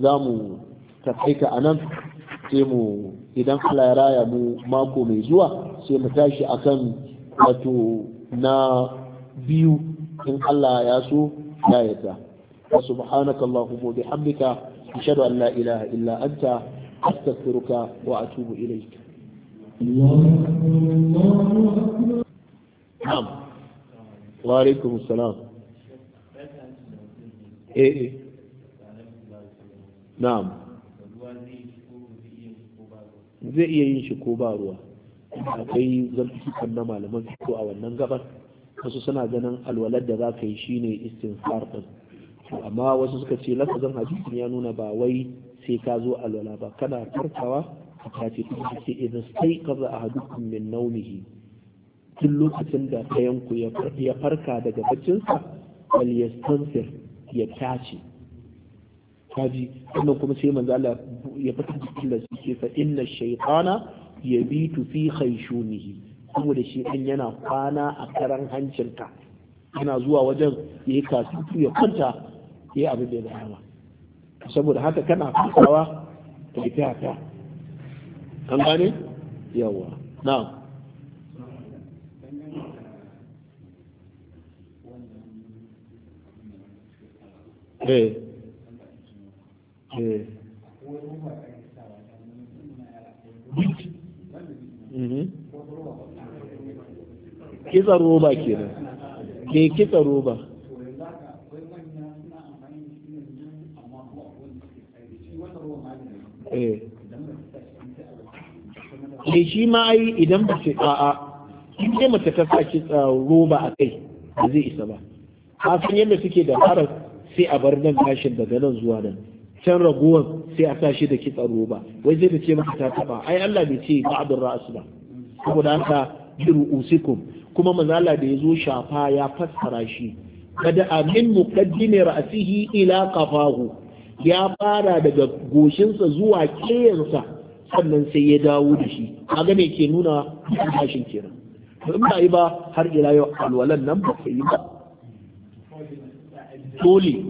za mu takaita a nan sai mu idan Allah ya raya mu mako mai zuwa sai mu tashi akan wato na biyu in Allah ya so ya yarda wa subhanaka allahumma bihamdika ashhadu an la ilaha illa anta astaghfiruka wa atubu ilayk Na'am. Wa alaikum assalam. Eh, eh. zai iya yin shi ko ba ruwa akwai zantukan na malaman ko a wannan gabar wasu suna ganin alwalar da za ka yi shine istinfar din amma wasu suka ce lafazin hadisin ya nuna ba wai sai ka zo alwala ba kana farkawa ka tafi kuma sai idan sai ka za a hadukun min naumihi tun lokacin da ku ya farka daga baccinsa wal yastansir ya tace kaji wannan kuma sai manzo Allah ya fitar da suke su ce fa inna shaytana yabitu fi khayshunihi saboda shi an yana kwana a karan hancinka yana zuwa wajen yayi kasu ya kwanta yayi abin da ya dama saboda haka kana fasawa ta fita haka an gane yawa na'am eh Eh. Mm-hmm. kitsa roba kenan ke kitsa roba eh. eh shi ma ai idan ba ce a'a in ce mace ta sa kitsa roba a kai ba zai isa ba san yadda suke da harar sai a bar nan gashin daga nan zuwa nan can raguwar sai a sa shi da kitsaro ba wai zai da ce maka ta taba ai Allah bai ce ba'dur ra'as ba saboda haka biru usikum kuma manzala da zo shafa ya fassara shi kada amin muqaddimi ra'sihi ila qafahu ya fara daga goshinsa zuwa keyansa sannan sai ya dawo da shi kaga me ke nuna tashin kira in ba yi ba har ila yau alwalan nan ba yi ba dole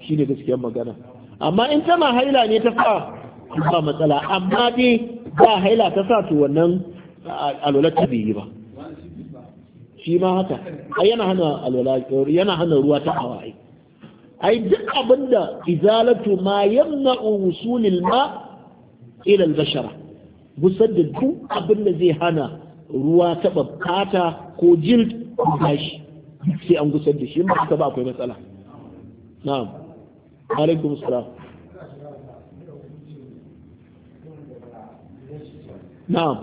shine gaskiyar magana amma in tana haila ne ta sa ba matsala amma dai ba haila ta sa to wannan alwalar ta bai yi ba shi ma haka ai yana hana alwala yana hana ruwa ta hawa ai ai duk abinda izalatu ma yamna'u wusulil ma ila al-bashara busar da duk abinda zai hana ruwa ta babkata ko jild ko gashi sai an gusar da shi in ba haka ba akwai matsala na'am alaikum salam na'am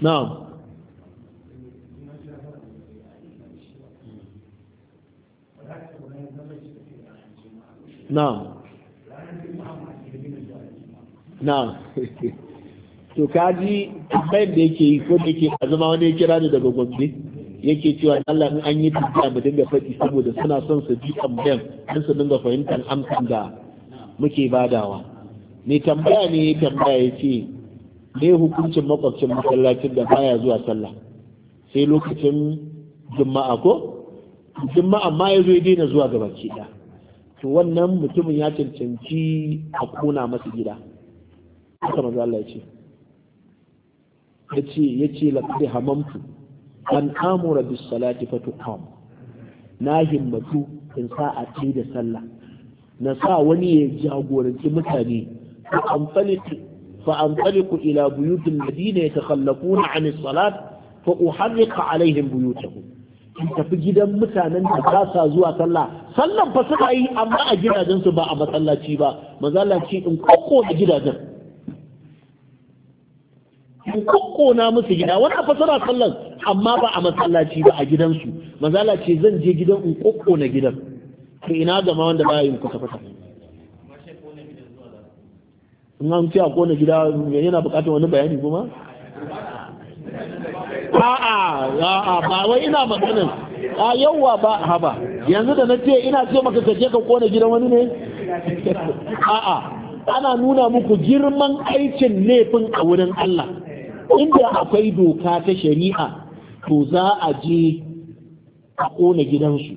na'am na'am na'am (laughs) to kaji tambayar da yake yi ko da yake a zama wani ya kira ni daga gombe yake cewa Allah in an yi tafiya mu dinga faɗi saboda suna son su ji tambayan don su dinga fahimtar amsan da muke badawa mai tambaya ne ya tambaya ya ce me hukuncin makwabcin masallacin da baya zuwa sallah sai lokacin juma'a ko juma'a ma ya zo ya daina zuwa gaba da to wannan mutumin ya cancanci a kona masa gida haka maza Allah ya ce ya ce ya ce lafi hamamtu an amura bis salati fa tuqam na himmatu in sa a ci da sallah na sa wani ya jagoranci mutane fa anfaliku ila buyutil ladina yatakhallafuna an as-salat fa uharriqa alaihim buyutuhum in tafi gidan mutanen da ba sa zuwa sallah sallan fa suka yi amma a gidajensu ba a masallaci ba masallaci in kokko da gidajen in kokko na musu gida wannan fasara sallan amma ba a masallaci ba a gidansu mazala ce zan je gidan in kokko na gidan to ina gama wanda ba yin kusa kusa in an ce a kona gida yana bukatar wani bayani kuma a'a a'a ba wai ina maganin a yauwa ba haba yanzu da na ce ina ce maka kaje ka kona gidan wani ne a'a ana nuna muku girman aikin laifin a wurin Allah inda akwai doka ta shari'a to za a je a ƙona gidansu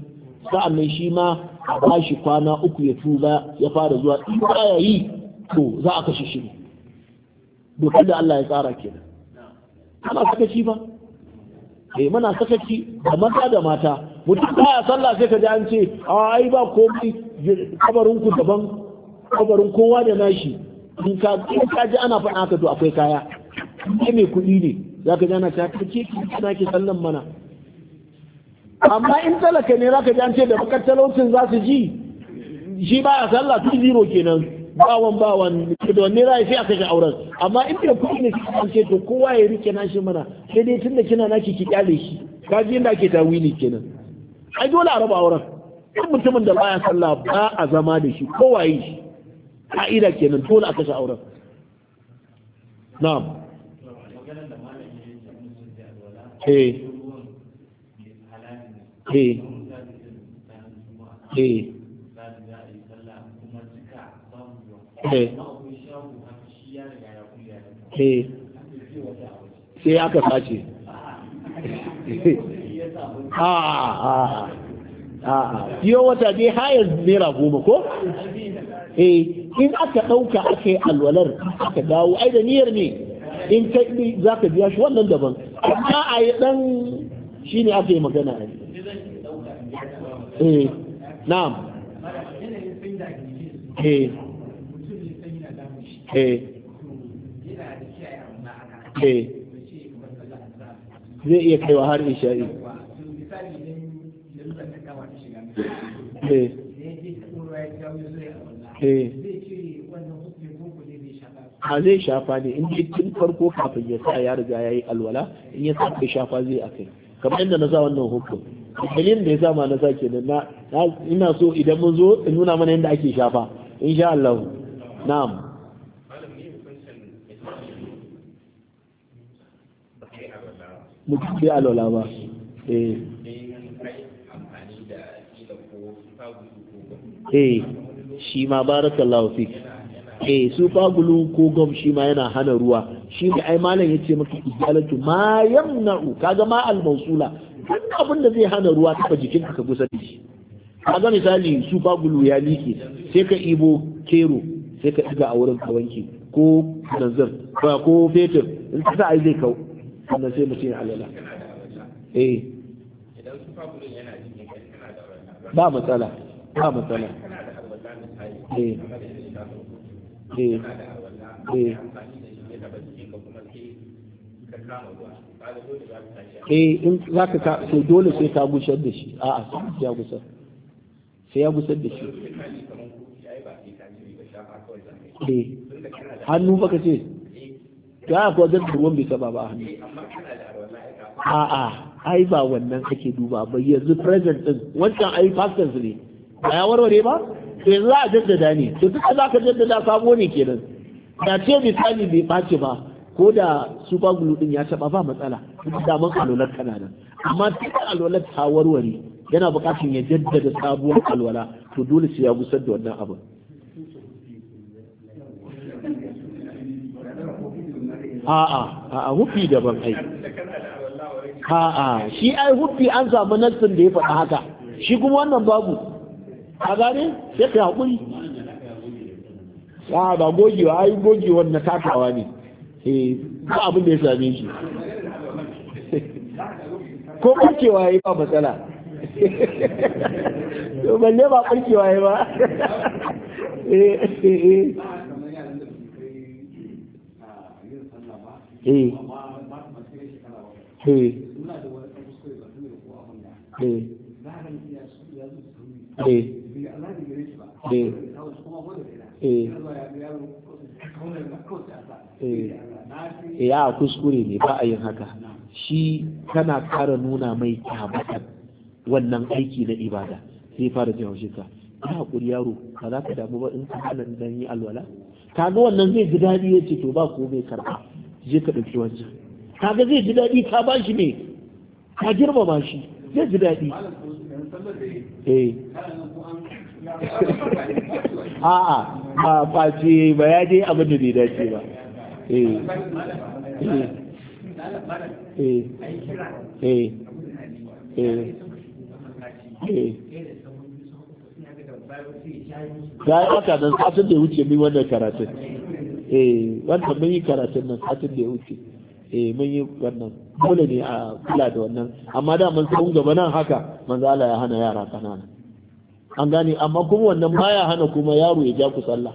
sa'annan shi ma a ba shi kwana uku ya tuba ya fara zuwa in ya yi to za a kashe shi dokar da Allah ya tsara kenan ana sakaci ba eh mana sakaci da maza da mata mutum ya sallah sai ka ji an ce ai ba komai kabarin ku daban kabarin kowa da nashi in ka ji ana faɗa haka to akwai kaya ne mai kuɗi ne za ka jana ta kake kana ke sallan mana amma in talaka ne za ka an ce da bakar za su ji shi ba a sallah su zero kenan bawan bawan da wanne za a sai a kashe auren amma in da kuɗi ne an ce to kowa ya rike nashi mana sai dai tunda kina naki ki kyale shi ka ji inda ake tawili kenan ai dole a raba auren duk mutumin da baya sallah ba a zama da shi kowa yi shi ka'ida kenan dole a kashe auren na'am Eh. Eh. eh eh eh sai aka sace biyo (laughs) ah, ah, ah. wata dai hayar naira goma ko? Eh. in aka ɗauka aka yi alwalar aka dawo ai da niyyar ne in ka za ka biya shi wannan daban amma a yi ɗan shi ne aka magana ne eh na'am eh. eh eh zai iya kaiwa har isha'i eh eh ha zai shafa ne in tun farko kafin ya sa ya riga ya yi alwala in ya sa bai shafa zai a kai kamar yadda na sa wannan hukum dalilin da ya sa ma na sa kenan na ina so idan mun zo in nuna mana yadda ake shafa sha Allah na'am mutum bai alwala ba eh. eh shi ma barakallahu fiki eh su fagulu ko gom shi ma yana hana ruwa shi ne ai malam ya ce maka ijalatu ma yamna'u kaga ma al mawsula duk abin da zai hana ruwa ta jikin ka gusa da shi kaga misali su fagulu ya like sai ka ibo kero sai ka diga a wurin kawanki ko nanzir ko fetur in ka sa ai zai kau sannan sai mutum ya alala eh ba matsala ba matsala eh Eh, eh. za ka eh, to dole sai ka gushar da shi a'a sai ya gusar sai ya gusar da shi hannu baka ce ga ko da ruwan bai saba ba hannu a'a ai ba wannan ake duba ba yanzu present din wancan ai factors ne ba ya warware ba to za a jaddada ne to duka za ka jaddada sabo ne kenan da ce misali bai ɓaci ba ko da super glue din ya taɓa ba matsala duk da mun alwalar kana nan amma duk alwalar ta warware yana buƙatar ya jaddada sabuwar alwala to dole sai ya gusar da wannan abin a'a a'a hufi daban ai a'a shi ai hufi an samu nassin da ya faɗa haka shi kuma wannan babu a ya sai haƙuri a ba gogewa ai gogewar na takawa ne eh, ba abin da ya same shi ko ɓarkewa ya yi ba matsala Ban ne ba ɓarkewa ya ba eh eh eh, eh. eh. ya eh. Eh. Eh, a kuskure ne ba a yin haka shi kana kara nuna mai tabbatar wannan aiki na ibada sai fara jin haushinka ina hakuri yaro ba za ka damu ba in ka hana dan yi alwala kaga wannan zai ji daɗi ya ce to ba ko mai karɓa je ka ɗauki wancan kaga zai ji daɗi ka ba shi ne ka girmama shi zai ji daɗi eh (laughs) a'a ba faci ba ya je abin da bai ce ba eh eh eh, eh eh eh ya yi haka nan satin da ya wuce min wannan karatun eh wannan mun yi karatun nan satin da ya wuce eh mun yi wannan dole ne a kula da wannan amma da mun san gaba nan haka manzo Allah ya hana yara kanana an gane amma kuma wannan baya hana kuma yaro ya ja ku sallah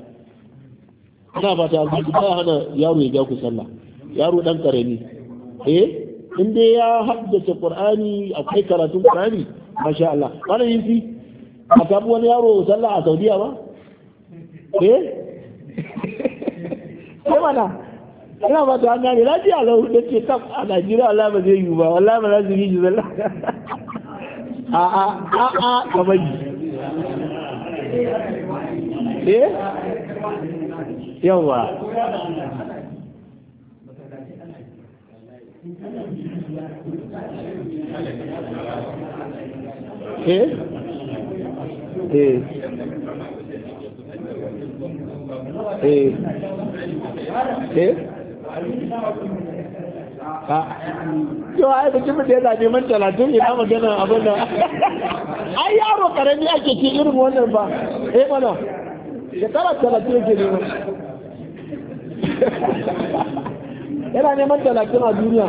ina ba ta ba baya hana yaro ya ja ku sallah yaro dan karami eh in dai ya haddace qur'ani akwai karatun qur'ani masha Allah wannan yin fi a tabu wani yaro sallah a Saudiya ba eh sai mana ina ba ta gane lafiya lau da ce kaf a Najeriya Allah ba zai yi ba wallahi ba za su yi zalla (laughs) a a a a kamar eh yawa eh eh eh eh yau a yi da jimin da ya yana neman talatin ina magana abin da yi yaro karami ake ke irin wannan ba eh mana shekara talatin yake neman yana neman talatin a duniya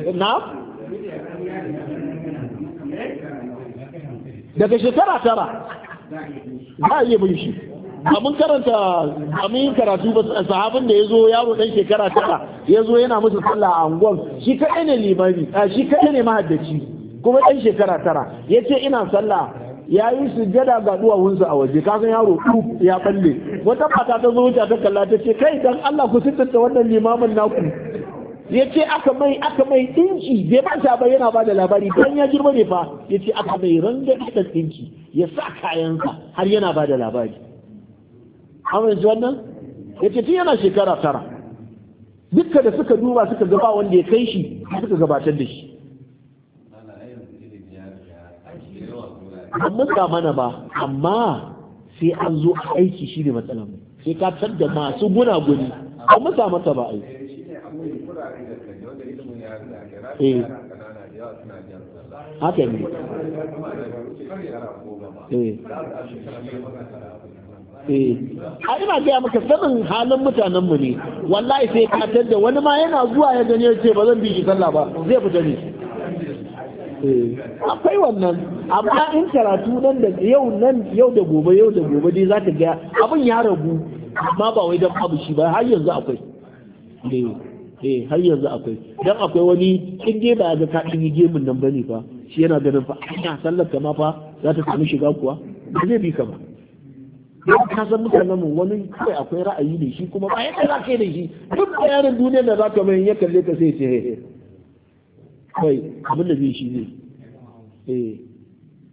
(laughs) na? daga shekara tara za a iya bin shi mun karanta amin karatu ba sahabin da ya zo yaro dan shekara tara ya zo yana musu sallah a angon shi kaɗai ne limami a shi kaɗai ne mahaddaci kuma dan shekara tara ya ce ina sallah ya yi sujjada ga duwawunsa a waje kasan yaro ya balle wata mata ta zo wuce ta kalla ta ce kai dan Allah ku sittanta wannan limamin naku ya ce aka mai aka mai dinki bai ba sa yana ba da labari bayan ya girma ne fa ya ce aka mai ranga da dinki ya sa kayansa har yana ba da labari amma yanzu wannan ya ce tun yana shekara tara dukka da suka duba suka gaba wanda ya kai shi suka gabatar da shi an ga mana ba amma sai an zo aiki shi ne matsalar sai ka da masu gunaguni an masa mata ba aiki Eh. haka ne eh. a eh. ina gaya maka sanin halin mutanen mu ne wallahi sai katar da wani ma yana zuwa ya gani ya ce ba zan bi shi sallah ba zai fita ne akwai wannan amma in karatu nan da yau nan yau da gobe yau da gobe dai zaka ga abin ya ragu amma ba wai don abu shi ba har yanzu akwai eh har yanzu akwai dan akwai wani kin dai ba ga ka yi gemun nan bane fa shi yana ganin fa ina sallar ka ma fa za ta samu shiga kuwa ba zai bi ka ba don ka san mutanen wani kawai akwai ra'ayi ne shi kuma ba ya za kai da shi duk bayanin duniyar da za ka mai ya kalle ka sai ce eh kai abin da zai shi ne eh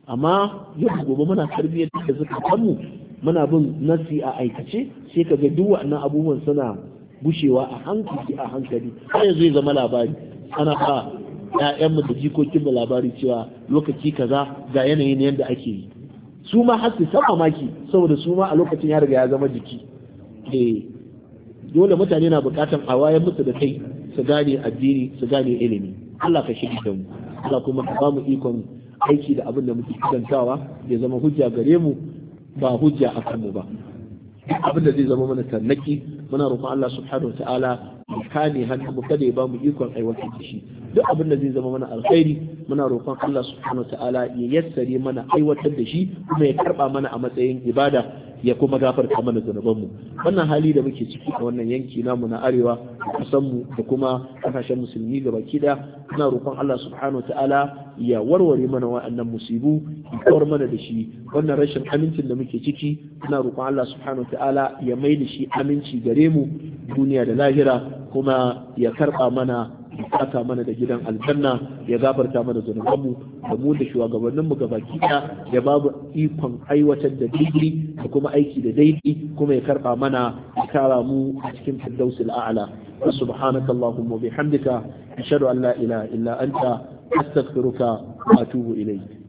amma yau gobe muna tarbiyyar da suka kanmu muna bin nasi a aikace sai ka ga duk waɗannan abubuwan suna gushewa a hankali a hankali har yanzu ya zama labari ana ba ƴaƴanmu da jikokin mu labari cewa lokaci kaza ga yanayin yadda ake yi su ma har su sama maki saboda su ma a lokacin ya riga ya zama jiki eh dole mutane na buƙatar a wayar musu da kai su gane addini su gane ilimi Allah ka shirya da mu Allah kuma ka ba mu ikon aiki da abin da muke kirantawa ya zama hujja gare mu ba hujja a kanmu ba duk abin da zai zama mana tarnaki muna roƙon Allah subhanahu wataala mu kame hannu mu kada ya ba mu ikon aiwatar da shi duk abin da zai zama mana alkhairi muna roƙon Allah subhanahu wataala ya yassare mana aiwatar da shi kuma ya karba mana a matsayin ibada ya kuma gafarta mana zanubanmu wannan hali da muke ciki a wannan yanki namu na arewa da mu da kuma kasashen musulmi gaba da ina roƙon Allah subhanahu ta'ala ya warware mana wa'annan musibu ya kawar mana da shi wannan rashin amincin da muke ciki ina roƙon Allah subhanahu ta'ala ya mai da shi aminci gare mu duniya da lahira kuma ya karɓa mana saka mana da gidan aljanna ya gafarta mana zunubanmu da mu da shugabanninmu gabaki ɗaya ya babu ikon aiwatar da digiri da kuma aiki da daidai kuma ya karba mana ya kara mu a cikin firdausi al'ala wa subhanaka allahumma bihamdika ashhadu an la ilaha illa anta astaghfiruka wa atubu ilayk